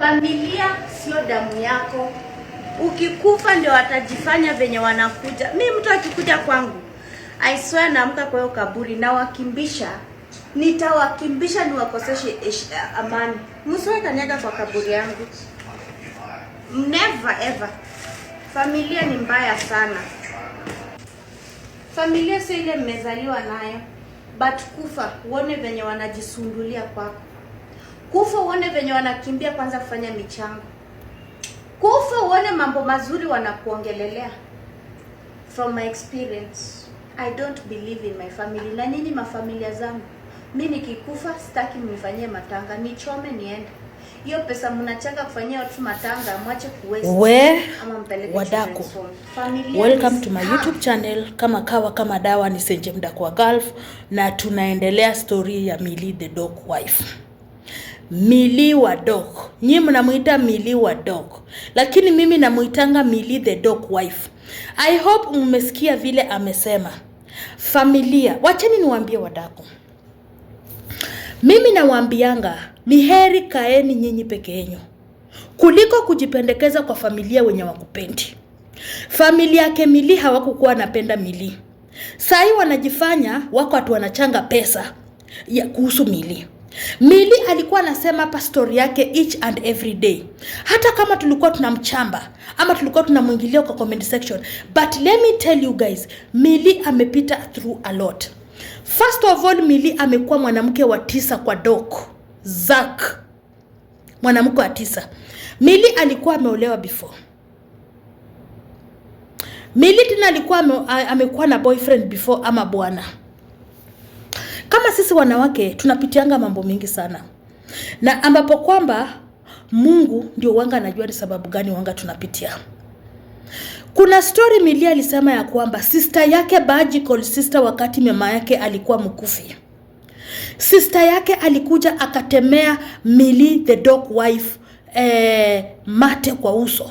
Familia sio damu yako, ukikufa ndio watajifanya venye wanakuja. Mi mtu akikuja kwangu I swear naamka kwa hiyo kaburi na wakimbisha, nitawakimbisha niwakoseshe eh, amani. Msiwe kanyaga kwa kaburi yangu, never ever. Familia ni mbaya sana. Familia sio ile mmezaliwa nayo, but kufa uone venye wanajisundulia kwako. Kufa uone venye wanakimbia kwanza kufanya michango. Kufa uone mambo mazuri wanakuongelelea. From my experience, I don't believe in my family. Na nini mafamilia zangu? Mi nikikufa sitaki mnifanyie matanga, nichome niende. Hiyo pesa mnachanga kufanyia watu matanga, mwache kuwezi. We, wadako. Welcome to my YouTube channel. Kama kawa kama dawa ni Senje Mdaku Gulf na tunaendelea story ya Milly the dog wife. Mili wa dog. Nyinyi mnamwita Mili wa dog, lakini mimi namuitanga mili the dog wife. I hope mmesikia vile amesema. Familia, wacheni niwaambie wadako, mimi nawaambianga ni heri kaeni nyinyi peke yenu kuliko kujipendekeza kwa familia wenye wakupendi. Familia yake mili hawakukuwa anapenda mili sahii wanajifanya wako watu wanachanga pesa ya kuhusu mili mili alikuwa anasema hapa story yake each and every day, hata kama tulikuwa tunamchamba ama tulikuwa tunamwingilia kwa comment section, but let me tell you guys, Mili amepita through a lot. First of all, Mili amekuwa mwanamke wa tisa kwa Doc Zack, mwanamke wa tisa. mili alikuwa ameolewa before. mili tena alikuwa amekuwa na boyfriend before ama bwana kama sisi wanawake tunapitianga mambo mingi sana, na ambapo kwamba Mungu ndio wanga anajua ni sababu gani wanga tunapitia. Kuna story Milia alisema ya kwamba sister yake biological sister, wakati mama yake alikuwa mkufi, sister yake alikuja akatemea Mili the dog wife eh, mate kwa uso.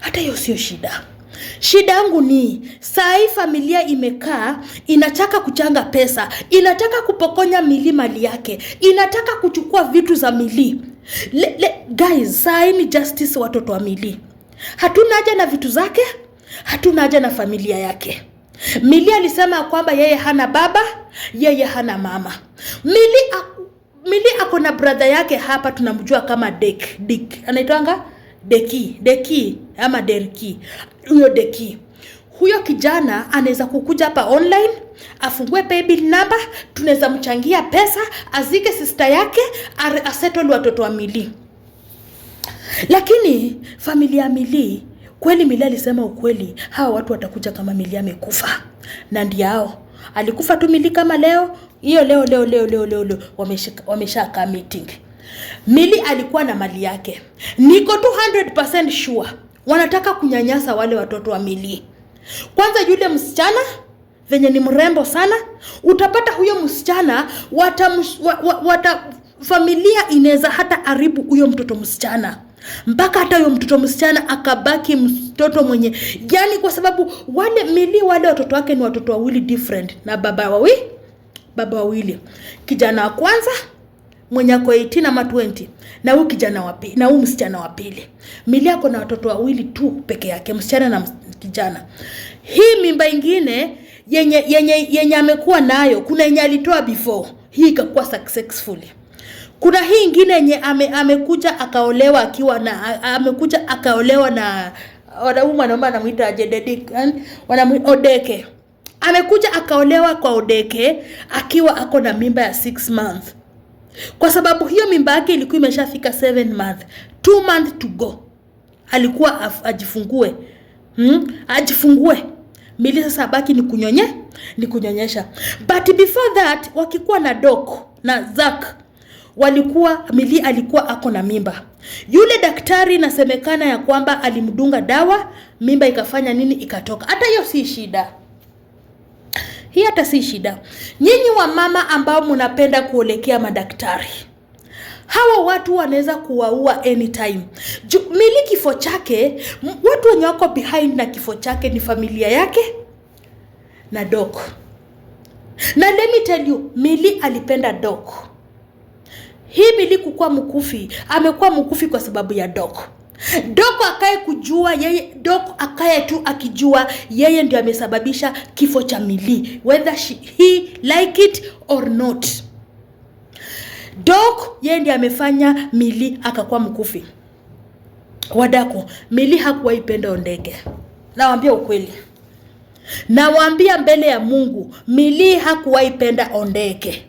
Hata hiyo sio shida. Shida yangu ni saa hii familia imekaa inataka kuchanga pesa, inataka kupokonya mili mali yake, inataka kuchukua vitu za mili Le, le, guys, saa hii ni justice watoto wa mili Hatuna haja na vitu zake, hatuna haja na familia yake. mili alisema kwamba yeye hana baba, yeye hana mama. mili ako na brother yake hapa tunamjua kama Dick. Dick anaitwanga Deki, Deki ama Derki, huyo Deki huyo kijana anaweza kukuja hapa online, afungue paybill number, tunaweza mchangia pesa, azike sister yake, asettle watoto wa mili Lakini familia ya Milii kweli, Milii alisema ukweli, hawa watu watakuja kama Milii amekufa, na ndio hao alikufa tu mili kama leo hiyo, leo leo leo leo leo, leo wameshakaa meeting mili alikuwa na mali yake, niko 200% sure wanataka kunyanyasa wale watoto wa mili Kwanza yule msichana venye ni mrembo sana, utapata huyo msichana wata, wata, familia inaweza hata haribu huyo mtoto msichana mpaka hata huyo mtoto msichana akabaki mtoto mwenye yani, kwa sababu wale Mili wale watoto wake ni watoto wawili different na baba wawili, baba wawili, kijana wa kwanza mwenye ako 18 ama 20 na huyu kijana wa pili na huyu msichana wa pili. Mili yako na watoto wawili tu peke yake, msichana na kijana. Hii mimba ingine yenye yenye yenye amekuwa nayo, kuna yenye alitoa before, hii ikakuwa successfully kuna hii ingine yenye ame, amekuja akaolewa akiwa na amekuja akaolewa na wanaume mwanaume anamuita Odeke. Amekuja akaolewa kwa Odeke akiwa ako na mimba ya 6 months. Kwa sababu hiyo mimba yake ilikuwa imeshafika 7 month, 2 month to go, alikuwa af, ajifungue hmm? ajifungue mili sasa baki ni kunyonye ni kunyonyesha, but before that wakikuwa na Doc na Zack walikuwa mili alikuwa ako na mimba. Yule daktari inasemekana ya kwamba alimdunga dawa, mimba ikafanya nini, ikatoka. Hata hiyo si shida. Hii hata si shida. Nyinyi wa mama ambao mnapenda kuolekea madaktari, hawa watu wanaweza kuwaua anytime. Mili kifo chake, watu wenye wako behind na kifo chake ni familia yake na Doc. Na let me tell you, Mili alipenda Doc. Hii Mili kukua mkufi, amekuwa mkufi kwa sababu ya Doc. Doko akaye kujua yeye, Doko akaye tu akijua yeye ndio amesababisha kifo cha Mili, whether she, he like it or not. Dok yeye ndiye amefanya mili akakuwa mkufi. Wadako, Milly hakuwaipenda Ondege. Nawaambia ukweli, nawaambia mbele ya Mungu, milii hakuwaipenda ondeke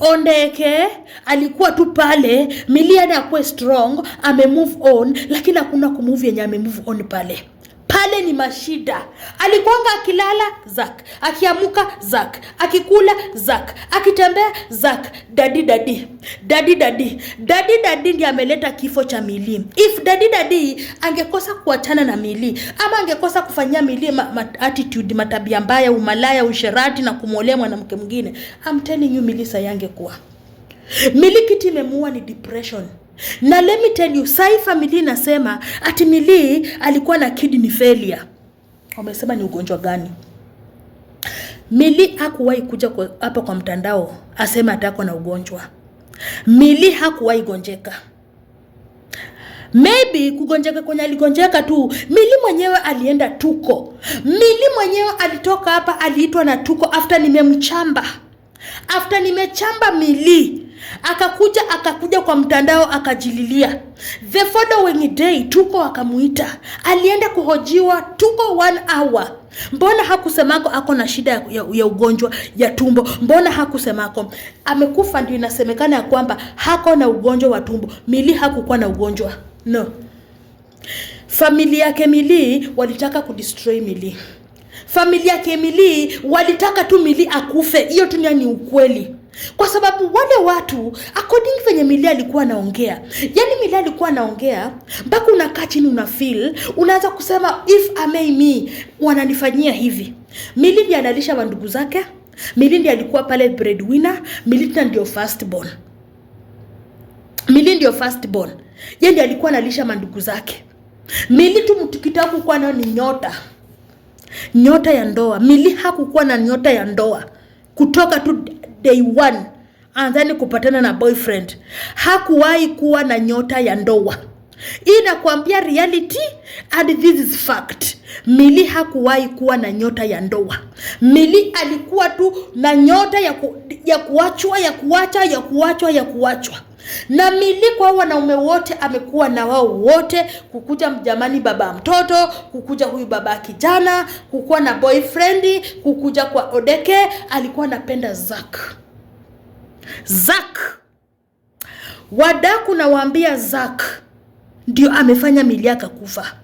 Ondeke alikuwa tu pale, Milian akuwe strong, ame move on, lakini hakuna kumove yenye ame move on pale pale ni mashida. Alikuanga akilala zak, akiamuka zak, akikula zak, akitembea zak. Dadi dadi dadi dadi dadi dadi ndiye ameleta kifo cha mili If dadi dadi angekosa kuachana na mili ama angekosa kufanyia mili ma, ma, attitude matabia mbaya, umalaya, usherati na kumwolea mwanamke mwingine, I'm telling you Milii sayangekuwa Milii kiti imemuua ni depression na let me tell you, sai family inasema ati Milii alikuwa na kidney failure. Wamesema ni ugonjwa gani? mili hakuwahi kuja hapa kwa mtandao asema atako na ugonjwa. mili hakuwahi gonjeka. Maybe kugonjeka kwenye aligonjeka tu, Mili mwenyewe alienda tuko. Mili mwenyewe alitoka hapa aliitwa na tuko after nimemchamba. After nimechamba Mili Akakuja akakuja kwa mtandao akajililia. The following day Tuko akamuita, alienda kuhojiwa Tuko one hour. Mbona hakusemako ako na shida ya, ya ugonjwa ya tumbo? Mbona hakusemako amekufa? Ndio inasemekana ya kwamba hako na ugonjwa wa tumbo. Mili hakukuwa na ugonjwa no. Familia yake Mili walitaka kudestroy Mili, familia yake Mili walitaka tu Mili akufe. Hiyo tu ni ukweli kwa sababu wale watu according venye Milea alikuwa anaongea, yani Milea alikuwa anaongea mpaka unakaa chini una feel, unaanza kusema if I may me wananifanyia hivi. Milea ndiye analisha wandugu zake, Milea ndiye alikuwa pale breadwinner, Milea ndio first born, Milea ndio first born, yeye ndiye alikuwa analisha mandugu zake. Milea tu mtu kitabu kwa nayo ni nyota, nyota ya ndoa. Milea hakukuwa na nyota ya ndoa kutoka tu day one, anzani kupatana na boyfriend. Hakuwahi kuwa na nyota ya ndoa inakwambia reality and this is fact. Mili hakuwahi kuwa na nyota ya ndoa. mili alikuwa tu na nyota ya, ku, ya kuachwa ya kuacha ya kuachwa ya kuachwa na mili kwa wanaume wote amekuwa na wao wote, kukuja mjamani, baba mtoto, kukuja huyu baba kijana, kukuwa na boyfriend, kukuja kwa Odeke. Alikuwa anapenda Zack. Zack wadaku, nawaambia Zack ndio amefanya Milia akakufa.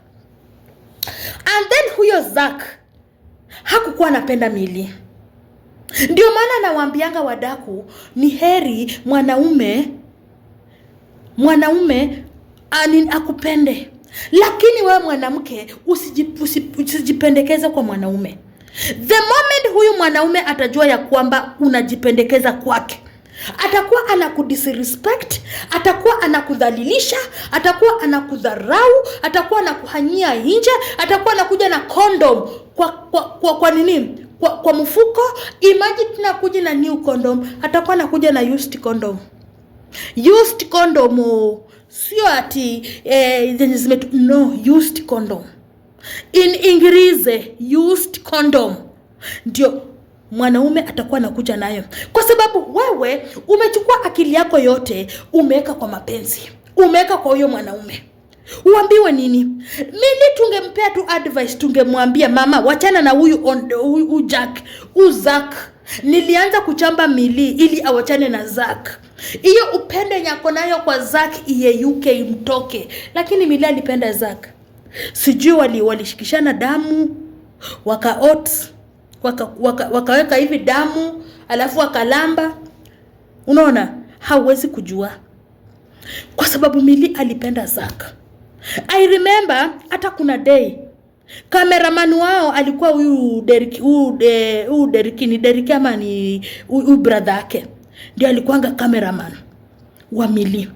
And then huyo Zack hakukuwa anapenda mili ndio maana nawaambianga wadaku, ni heri mwanaume mwanaume ani akupende lakini wewe mwanamke usijipendekeze kwa mwanaume. The moment huyu mwanaume atajua ya kwamba unajipendekeza kwake atakuwa anakudisrespect, atakuwa anakudhalilisha, atakuwa anakudharau, atakuwa anakuhanyia nje, atakuwa anakuja na condom kwa kwa, kwa, kwa nini kwa, kwa mfuko. Imagine nakuja kuja na new condom, atakuwa anakuja na used condom, used condom, oh, sio ati eh, zenye zimetu no used condom in Ingereza, used condom ndio mwanaume atakuwa anakuja nayo, kwa sababu wewe umechukua akili yako yote umeweka kwa mapenzi, umeweka kwa huyo mwanaume. Uambiwe nini? Mimi tungempea tu advice, tungemwambia mama, wachana na huyu Jack, Uzak nilianza kuchamba mili ili awachane na Zack. Hiyo upende nyako nayo kwa Zak iyeyuke imtoke, lakini mili alipenda Zack. sijui wali walishikishana damu wakaot waka, waka, wakaweka hivi damu alafu wakalamba. Unaona, hauwezi kujua kwa sababu mili alipenda zaka I remember hata kuna day Kameraman wao alikuwa huyu Deriki, huyu Deriki ni Deriki ama ni huyu brother yake, ndio alikuanga kameraman wa mili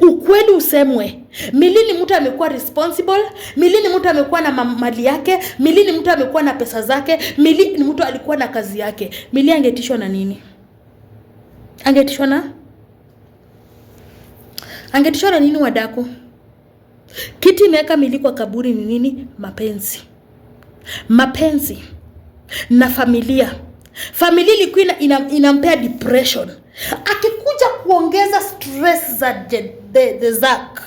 Ukweli usemwe, milini mtu amekuwa responsible, milini mtu amekuwa na mali yake, milini mtu amekuwa na pesa zake, milini mtu alikuwa na kazi yake. Mili angetishwa na nini? Angetishwa na angetishwa na nini? Wadaku, kiti imeweka mili kwa kaburi ni nini? Mapenzi, mapenzi na familia. Familia ilikuwa inampea depression Akikuja kuongeza stress za Zak,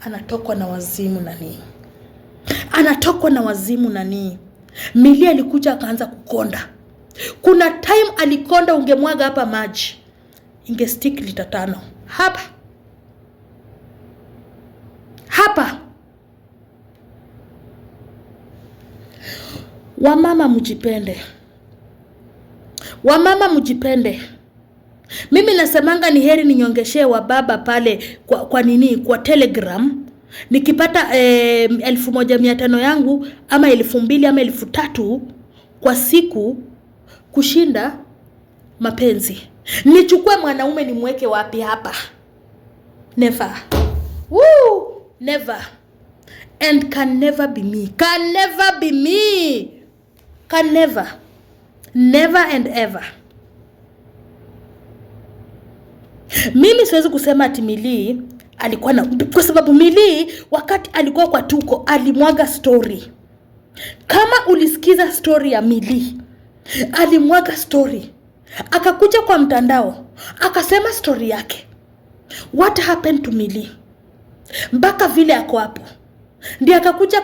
anatokwa na wazimu nani? Anatokwa na wazimu nani? Milia alikuja akaanza kukonda. Kuna time alikonda, ungemwaga hapa maji stick lita tano hapa hapa. Wamama mjipende, wamama mjipende. Mimi nasemanga ni heri ninyongeshee wa baba pale kwa, kwa nini kwa Telegram nikipata eh, elfu moja mia tano yangu ama elfu mbili ama elfu tatu kwa siku kushinda mapenzi. Nichukue mwanaume nimweke wapi hapa? Never. Woo, never. And can never be me. Can never be me. Can never. Never and ever. Mimi siwezi kusema ati Milii alikuwa na, kwa sababu Milii wakati alikuwa kwa Tuko alimwaga story. Kama ulisikiza story ya Milii, alimwaga story, akakuja kwa mtandao akasema story yake, what happened to Milii mpaka vile ako hapo, ndi akakuja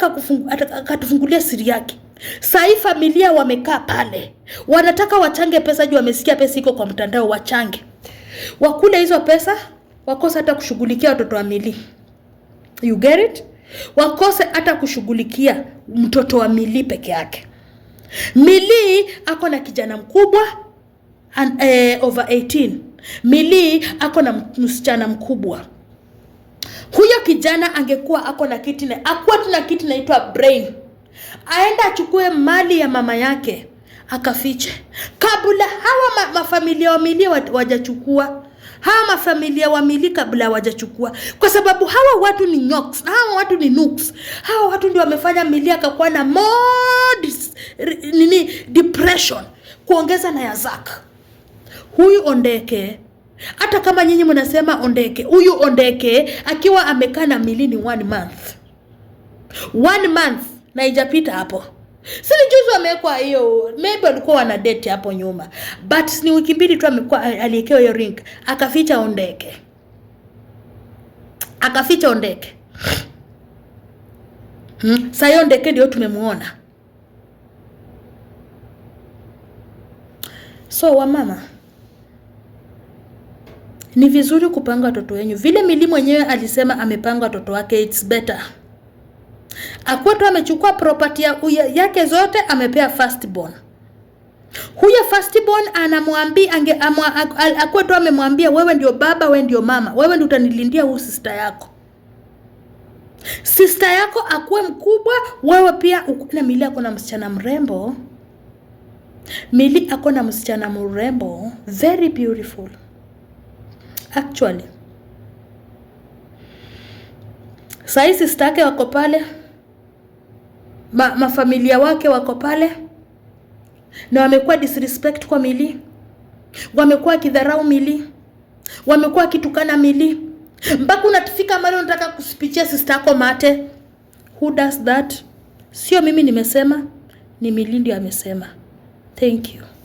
akatufungulia siri yake. sahi familia wamekaa pale, wanataka wachange pesa juu wamesikia pesa iko kwa mtandao, wachange wakule hizo pesa wakose hata kushughulikia watoto wa Milii. You get it? Wakose hata kushughulikia mtoto wa Milii peke yake. mili ako na kijana mkubwa an, eh, over 18. Mili ako na msichana mkubwa. Huyo kijana angekuwa ako na kitu na akuwa tuna kitu naitwa brain, aenda achukue mali ya mama yake akafiche kabla hawa ma, mafamilia wamilia wajachukua hawa mafamilia wamili kabla wajachukua, kwa sababu hawa watu ni nyoks, hawa watu ni nuks, hawa watu ndio wamefanya milia akakuwa na more nini depression, kuongeza na Yazak huyu Ondeke hata kama nyinyi mnasema Ondeke, huyu Ondeke akiwa amekaa na mili ni one month, one month na ijapita hapo. Sili juzi amewekwa hiyo, maybe walikuwa wana date hapo nyuma, but ni wiki mbili tu amekuwa aliekewa hiyo ring, akaficha ondeke, akaficha ondeke. Hmm. Saa hiyo ndeke ndio tumemwona. So wamama, ni vizuri kupanga watoto wenyu vile Milly mwenyewe alisema amepanga watoto wake, it's better tu amechukua property ya yake zote amepea firstborn. Huyo firstborn anamwambia ange tu amemwambia wewe ndio baba, wewe ndio mama, wewe ndio utanilindia huyu sister yako. Sister yako akuwe mkubwa, wewe pia na Mili ako na msichana mrembo. Mili ako na msichana mrembo, very beautiful. Actually. Sasa sister yake wako pale ma, mafamilia wake wako pale na wamekuwa disrespect kwa mili wamekuwa wakidharau mili wamekuwa wakitukana mili mpaka unatufika mali unataka kusipichia sister yako mate. Who does that? Sio mimi nimesema, ni mili ndio amesema. Thank you.